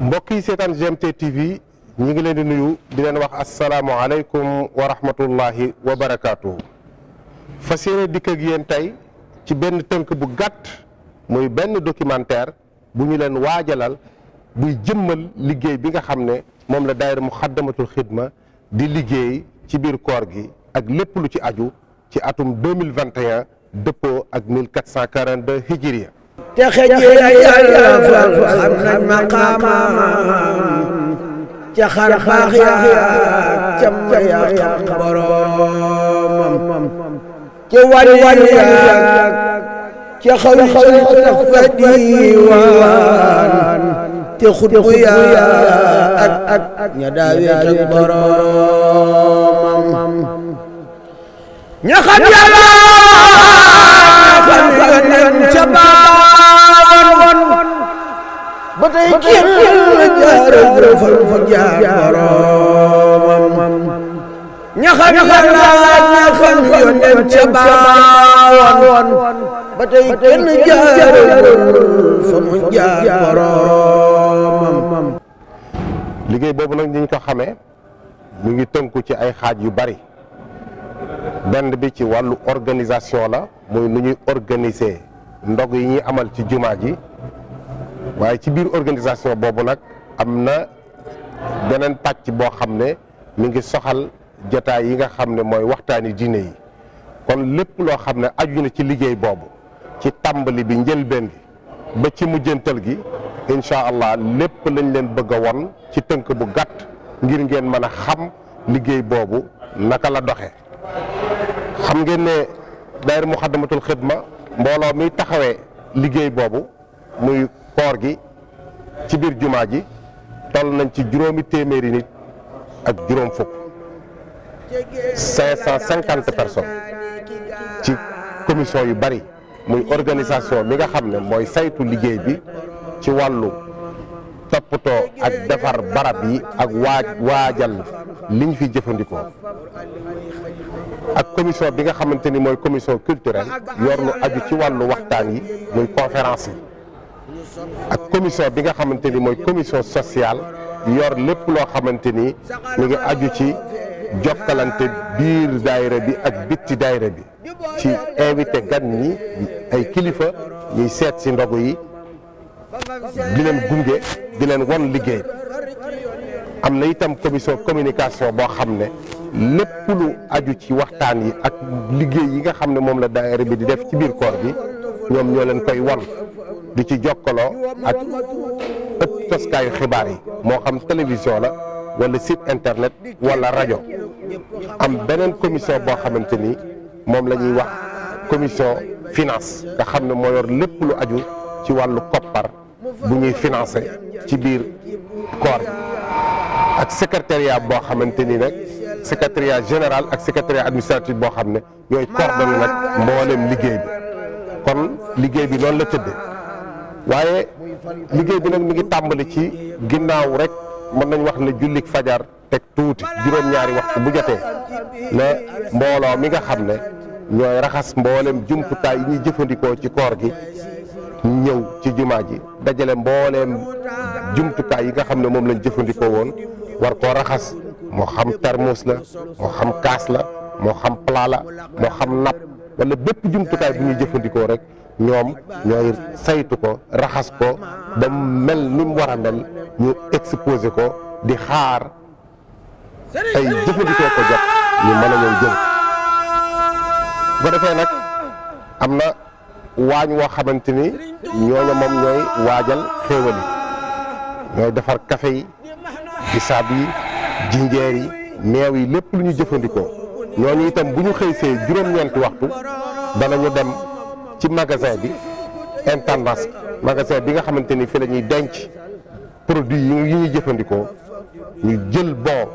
mbokk yi seetaan GMT TV ñi ngi leen di nuyu di leen wax asalaamualeykum wa rahmatullahi wa barakaatu. fas yéene dikk ak yéen tey ci benn tënk bu gàtt muy benn documentaire bu ñu leen waajalal buy jëmmal liggéey bi nga xam ne moom la daayira Muxaddamatul Xidma di liggéey ci biir koor gi ak lépp lu ci aju ci atum deux mille vingt dëppoo ak mille quatre cent quarante deux hijriya te xëjee na yàlla fal xam nañ maqaamaam ca xar baax yaak ca ma yàqam boroomam ca wàllu wàllu yaak ca xaw xaw sa te xutbu yaak ak ak ña daawee xam liggéey boobu nag ni ñu ko xamee mu ngi tënku ci ay xaaj yu bari benn bi ci wàllu organisation la mooy nu ñuy organiser ndog yi ñuy amal ci jumaa ji waaye ci biir organisation boobu nag am na beneen pàcc boo xam ne mi ngi soxal jataay yi nga xam ne mooy waxtaani diine yi kon lépp loo xam ne aju na ci liggéey boobu ci tàmbali bi njëlbeen gi ba ci mujjantal gi incha allah lépp lañ leen bëgg a won ci tënk bu gàtt ngir ngeen mën a xam liggéey boobu naka la doxe xam ngeen ne daayira Muxaddamatul Xidma mbooloo mi taxawee liggéey boobu muy koor gi ci biir jumaa ji toll nañ ci juróomi téeméeri nit ak juróom fukk cinq cent cinquante personnes ci commission yu bari muy organisation bi nga xam ne mooy saytu liggéey bi ci wàllu toppatoo ak defar barab yi ak waaj waajal liñ fi jëfandikoo ak commission bi nga xamante ni mooy commission culturelle yor lu aju ci wàllu waxtaan yi muy conférence yi ak commission bi nga xamante ni mooy commission sociale yor lépp loo xamante ni mu ngi aju ci jokkalante biir daayira bi ak bitti daayira bi ci invité gan yi ay kilifa ñuy seet si ndogu yi di leen gunge di leen won liggéey am na itam commission communication boo xam ne lépp lu aju ci waxtaan yi ak liggéey yi nga xam ne moom la daayira bi di def ci biir koor bi ñoom ñoo leen koy won di ci jokkaloo ak ëpp toskaayu xibaar yi moo xam télévision la wala site internet wala rajo am beneen commission boo xamante ni moom la ñuy wax commission finance nga xam ne moo yor lépp lu aju ci wàllu koppar bu ñuy financé ci biir koor ak secrétariat boo xamante ni nag secrétariat général ak secrétariat administratif boo xam ne yooyu coordonné nag mboolem liggéey bi kon liggéey bi noonu la tëddee waaye liggéey bi nag mi ngi tàmbali ci ginnaaw rek. mën nañ wax na jullik fajar teg tuuti juróom-ñaari wax bu jotee la mbooloo mi nga xam ne ñooy raxas mboolem jumtukaay yi ñuy jëfandikoo ci koor gi ñëw ci jumaa ji dajale mbooleem jumtukaay yi nga xam ne moom lañ jëfandikoo woon war koo raxas moo xam termos la moo xam kaas la moo xam plat la moo xam napp wala bépp jumtukaay bu ñuy jëfandikoo rek ñoom ñooy saytu ko raxas ko ba mel ni mu war a mel ñu exposé ko di xaar ay jëfandikoo ko jot ñu mën a ñëw jël bu defee nag am na waañ woo xamante ni ñooñu moom ñooy waajal xéewal yi ñooy defar café yi bisaab yi jinjeer yi meew yi lépp lu ñu jëfandikoo ñooñu itam bu ñu xëy see juróom-ñeenti waxtu danañu dem ci magasin bi intendance magasin bi nga xamante ni fi lañuy denc produit yu ñuy jëfandikoo ñu jël bon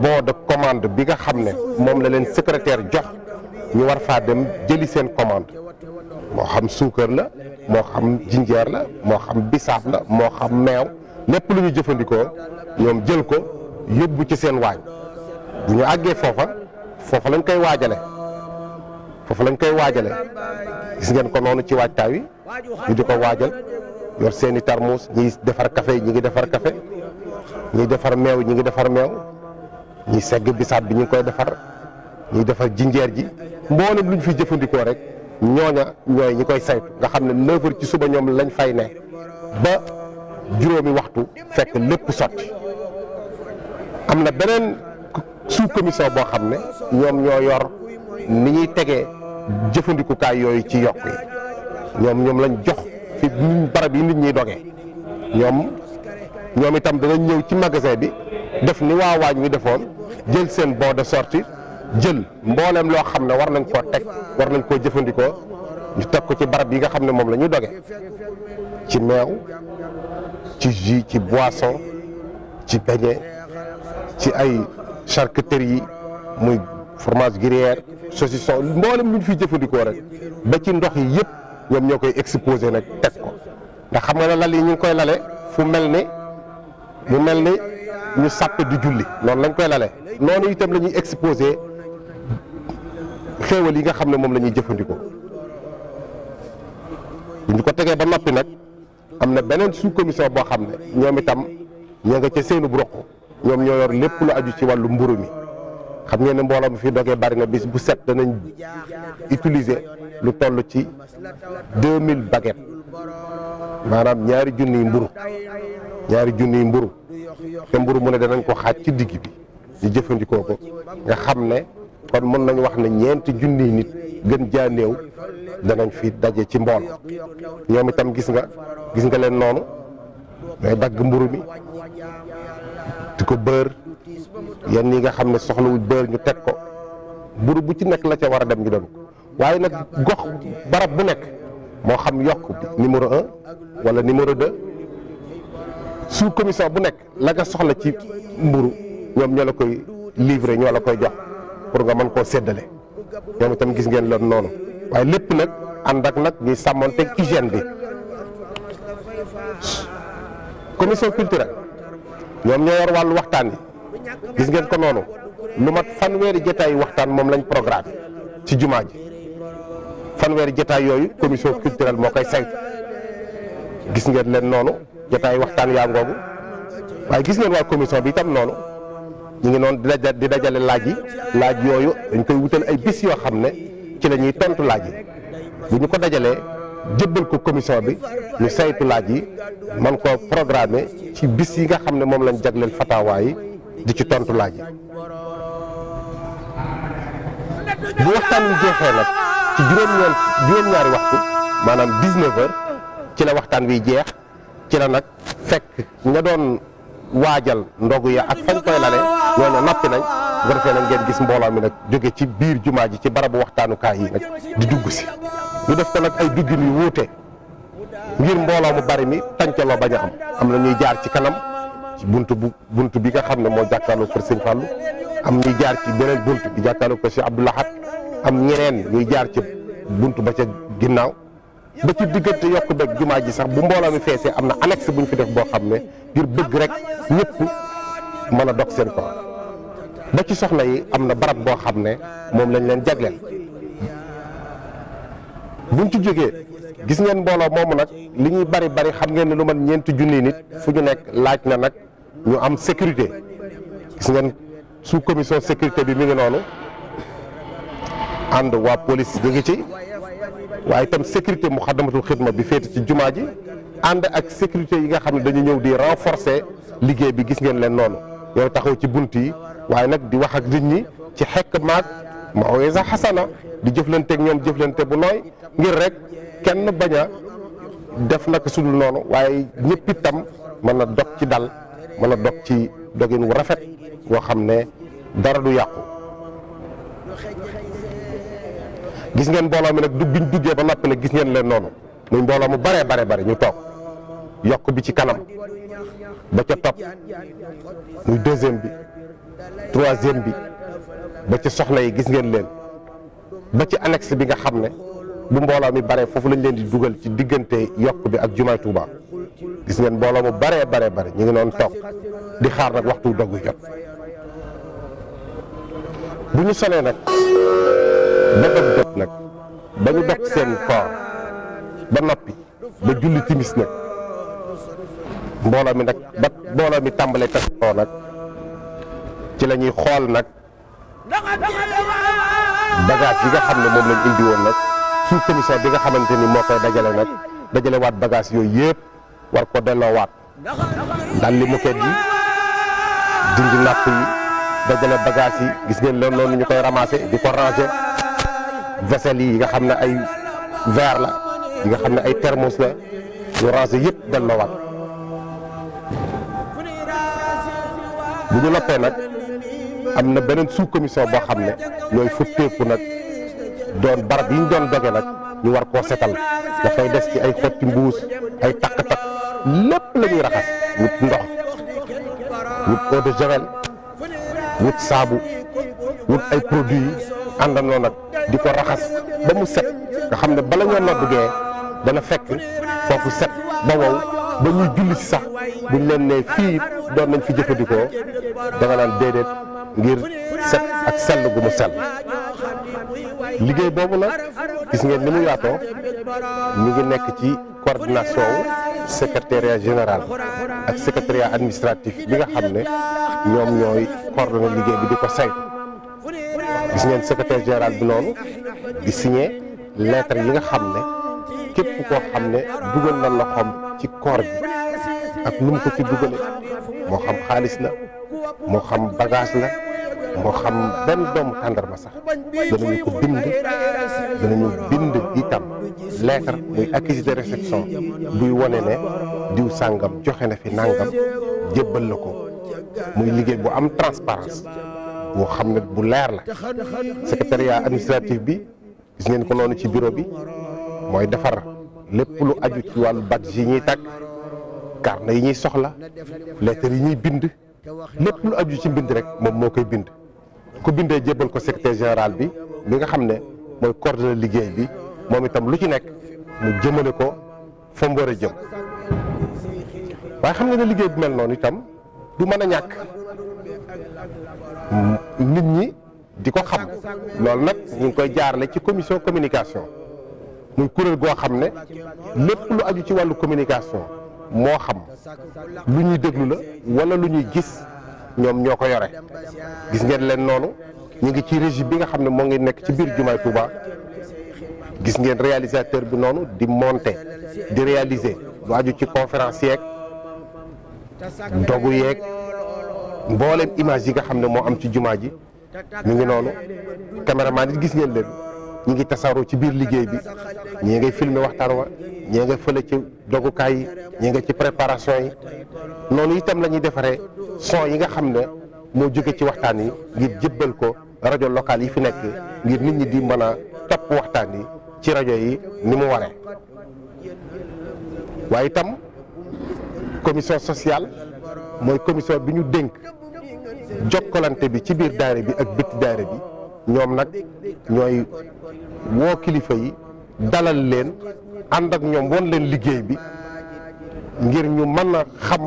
bon de commande bi nga xam ne moom la leen secrétaire jox ñu war faa dem jëli seen commande moo xam suukar la moo xam jinjeer la moo xam bisaab la moo xam meew lépp lu ñu jëfandikoo ñoom jël ko yóbbu ci seen waañ bu ñu àggee foofa foofa lañ koy waajale foofu lañ koy waajale gis ngeen ko noonu ci waajtaay wi ñu di ko waajal yor seeni tarmuus ñiy defar kafe ñu ngi defar kafe ñiy defar meew ñu ngi defar meew ñu segg bisaab bi ñu ngi koy defar ñuy defar jinjeer ji mboolem lu ñu fi jëfandikoo rek ñooña ñooy ñu koy saytu nga xam ne neuf heures ci suba ñoom lañ fay ne ba juróomi waxtu fekk lépp sotti am na beneen su commission boo xam ne ñoom ñoo yor ni ñuy tegee jëfandikukaay yooyu ci yokk yi ñoom ñoom lañ jox fi barab yi nit ñuy doge ñoom ñoom itam danañ ñëw ci magasin bi def ni waa waañ wi defoon jël seen bon de sortie jël mbooleem loo xam ne war nañ koo teg war nañ koo jëfandikoo ñu teg ko ci barab yi nga xam ne moom la ñu doge ci meew ci jus ci boisson ci beignet ci ay charcuterie yi muy fromage gruyère saucisson mboolem lu ñu fiy jëfandikoo rek ba ci ndox yi yëpp ñoom ñoo koy exposé nag teg ko ndax xam nga ne lal yi ñu ngi koy lale fu mel ni mu mel ni ñu sàppe di julli noonu lañ koy lale noonu itam la ñuy exposé xéewal yi nga xam ne moom la ñuy jëfandikoo bu ñu ko tegee ba noppi nag am na beneen sous commission boo xam ne ñoom itam ña nga ca seenu broq ñoom ñoo yor lépp lu aju ci wàllu mburu mi xam ngeen ne mbooloo mi fi dogee bari na bis bu set danañ utiliser lu toll ci deux mille baguettes maanaam ñaari junniy mburu ñaari junniy mburu te mburu mu ne danañ ko xaaj ci digg bi ñu jëfandikoo ko nga xam ne kon mën nañu wax na ñeenti junniy nit gën jaa danañ fi daje ci mbool ñoom itam gis nga gis nga leen noonu mais dagg mburu mi di ko bër yenn yi nga xam ne soxlawul beer ñu teg ko mburu bu ci nekk la ca war a dem ñu dem ko waaye nag gox barab bu nekk moo xam yokk numéro un wala numéro de su commission bu nekk la nga soxla ci mburu ñoom ñoo la koy livré ñoo la koy jox pour nga mën koo seddale ñoom itam gis ngeen leen noonu waaye lépp nag ànd ak nag ñuy teg hygiène bi commission culturelle ñoom ñoo yor wàllu waxtaan yi gis ngeen ko noonu lu mat fanweeri jotaay waxtaan moom lañ programme ci jumaa ji fanweeri jotaay yooyu commission culturelle moo koy saytu gis ngeen leen noonu jotaay waxtaan yaa ngoogu waaye gis ngeen waa commission bi itam noonu ñu ngi noonu di dajale laaj yi laaj yooyu dañ koy wutal ay bis yoo xam ne ci la ñuy tontu laaj yi bu ñu ko dajalee jëbbal ko commission bi ñu saytu laaj yi man ko programme ci bis yi nga xam ne moom lañ jagleel fatawaa yi di ci tontu laaj yi bu waxtaan wi jeexee nag ci juróom-ñeent waxtu maanaam 19 heures ci la waxtaan wi jeex ci la nag fekk nga doon waajal ndogu ya ak fañ koy lale ñooñu noppi nañ bu ko defee nag ngeen gis mbooloo mi nag jóge ci biir jumaa ji ci barabu waxtaanukaay yi nag di dugg si ñu def ko nag ay duggin yu wuute ngir mboolaam mu bari mi tàncaloo bañ a am am na ñuy jaar ci kanam. bunt bu bunt bi nga xam ne moo jàkkaarloo kër Sëñ Fallou am ñuy jaar ci beneen bunt bi jàkkaarloo kër Cheikh Abdou Lahad am ñeneen ñuy jaar ci bunt ba ca ginnaaw ba ci diggante yokk beeg jumaa ji sax bu mbooloo mi feesee am na annexe bu ñu fi def boo xam ne ngir bëgg rek ñëpp mën a dog seen ko ba ci soxna yi am na barab boo xam ne moom lañ leen jagleel buñ ci jógee gis ngeen mbooloo moomu nag li ñuy bari bari xam ngeen ne lu man ñeenti junni nit fu ñu nekk laaj na nag ñu am sécurité gis ngeen su commission sécurité bi mi ngi noonu ànd waa police ñu ngi ci waaye itam sécurité mu xaddamatul xidma bi féete ci jumaa ji ànd ak sécurité yi nga xam ne dañu ñëw di renforcer liggéey bi gis ngeen leen noonu yow taxaw ci bunt yi waaye nag di wax ak nit ñi ci xekk maag maweza xasana di jëflante ak ñoom jëflante bu nooy ngir rek kenn bañ a def naka sudul noonu waaye ñëpp itam mën na dog ci dal mën a dog ci dogin wu rafet woo xam ne dara du yàqu gis ngeen mbooloo mi nag du biñ duggee ba noppi nag gis ngeen leen noonu muy mbooloo mu baree bare bare ñu toog yokk bi ci kanam ba ca topp muy deuxième bi troisième bi ba ci soxla yi gis ngeen leen ba ci annexe bi nga xam ne bu mbooloo mi bare foofu lañ leen di dugal ci diggante yokk bi ak jumaay Tuuba gis ngeen mbooloo mu baree baree bare ñu ngi doon toog di xaar nag waxtu doggu jot bu ñu sonee nag ba dog jot nag ba ñu seen koor ba noppi ba julli timis nag mbooloo mi nag ba mbooloo mi tàmbalee tasoo nag ci la ñuy xool nag bagage yi nga xam ne moom lañ indi woon nag sous commission bi nga xamante ni moo koy dajale nag dajale waat bagage yooyu yëpp war ko delloowaat dalli moket yi dindi napp yi dajale bagage yi gis ngeen loolu noonu ñu koy ramassé di ko ranger vaisselle yi nga xam ne ay verre la yi nga xam ne ay thermos la ñu ranger yëpp delloowaat bu ñu noppee nag am na beneen sous commission boo xam ne ñooy futteeku nag doon barab yi ñu doon doge nag ñu war koo setal dafay des ci ay xotti mbuus ay takk-takk lépp la ñuy raxas wut ndox wut eau de javel wut saabu wut ay produits àndandoo nag di ko raxas ba mu set nga xam ne bala ñoo nodd gee dana fekk foofu set ba wow ba ñuy julli sax buñ leen ne fii doon nañ fi jëfandikoo danga naan déedéet ngir set ak sell gu mu sell liggéey boobu nag gis ngeen ni mu yaatoo ñu ngi nekk ci cordination wu général ak secretariat administratif bi nga xam ne ñoom ñooy coordonné liggéey bi di ko saytu gis ngeen secrétaire général bi noonu di signé lettre yi nga xam ne képp koo xam ne dugal na loxoom ci koor gi ak nu mu ko ci dugale moo xam xaalis la moo xam bagage na moo xam benn doomu tàndarma sax danañu ko bind danañu bind itam lettre muy accusé de buy wone ne diw sàngam joxe na fi nàngam jébbal la ko muy liggéey bu am transparence boo xam ne bu leer la secrétariat administratif bi gis ngeen ko noonu ci bureau bi mooy defar lépp lu aju ci wàllu badge yi ñuy takk carnet yi ñuy soxla lettres yi ñuy bind lépp lu aju ci mbind rek moom moo koy bind ku bindee jébbal ko secrétaire général bi li nga xam ne mooy coordonné liggéey bi moom itam lu ci nekk mu jëmale ko fa mu war a jëm waaye xam nga ne liggéey bu mel noonu itam du mën a ñàkk nit ñi di ko xam loolu nag ñu ngi koy jaarale ci commission communication muy kuréel goo xam ne lépp lu aju ci wàllu communication moo xam lu ñuy déglu la walla lu ñuy gis ñoom ñoo ko yore gis ngeen leen noonu ñu ngi ci régie bi nga xam ne moo ngi nekk ci biir jumaay Touba gis ngeen réalisateur bi noonu di monter di réaliser lu aju ci conférence yeeg dogu yeeg mboolem image yi nga xam ne moo am ci jumaa ji mu ngi noonu caméraman it gis ngeen leen ñi ngi tasaaroo ci biir liggéey bi ñii ngay filmer waxtaan wa ñii nga fële ci dogukaay yi ñii nga ci préparation yi noonu itam la ñuy defaree son yi nga xam ne moo jóge ci waxtaan yi ngir jëbbal ko rajo locale yi fi nekk ngir nit ñi di mën topp waxtaan yi ci rajo yi ni mu waree waaye itam commission sociale mooy commission bi ñu dénk jokkalante bi ci biir daayira bi ak bitti daayira bi ñoom nag ñooy woo kilifa yi dalal leen ànd ak ñoom won leen liggéey bi ngir ñu mën a xam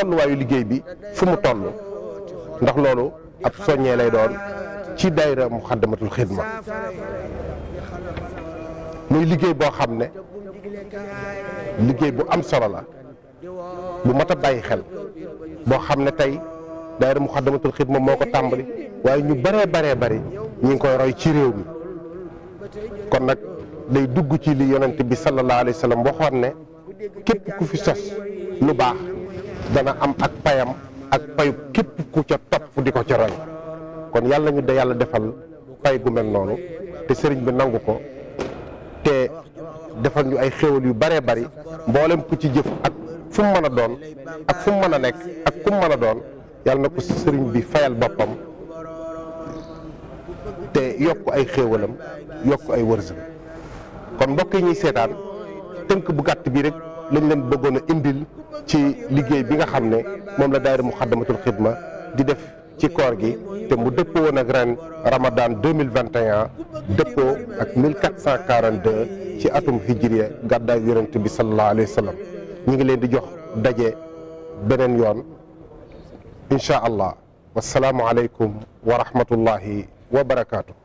tolluwaayu liggéey bi fu mu toll ndax loolu ab soññee lay doon ci daayira Muxaddamatul Xidma muy liggéey boo xam ne liggéey bu am solo la bu mat a bàyyi xel boo xam ne tey daayira Muxaddamatul Xidma moo ko tàmbali waaye ñu bëree baree bari ñu ngi koy roy ci réew mi kon nag day dugg ci li yonent bi sallallahu alayhi wa sallam waxoon ne képp ku fi sos lu baax dana am ak payam ak payu képp ku ca topp di ko ca roy kon yàlla ñu de yàlla defal pay gu mel noonu te sëriñ bi nangu ko te defal ñu ay xéwal yu bëree bëri mboolem ku ci jëf ak fu mën a doon ak fu mën a nekk ak ku mu mën a doon yàlla na ko sëriñ bi fayal boppam te yokk ay xéewalam yokk ay wërsëg kon mbokk yi ñuy seetaan tënk bu gàtt bi rek lañ leen bëggoon a indil ci liggéey bi nga xam ne moom la daayira Muxaddamatul Xidma di def ci koor gi te mu dëppoo woon ak ren Ramadan 2021 dëppoo ak 1442 ci atum hijriya gàddaay yonent bi sallallahu alayhi wa sallam ñu ngi leen di jox daje beneen yoon incha allah wasalaamualeykum wa rahmatullahi wa barakaatu.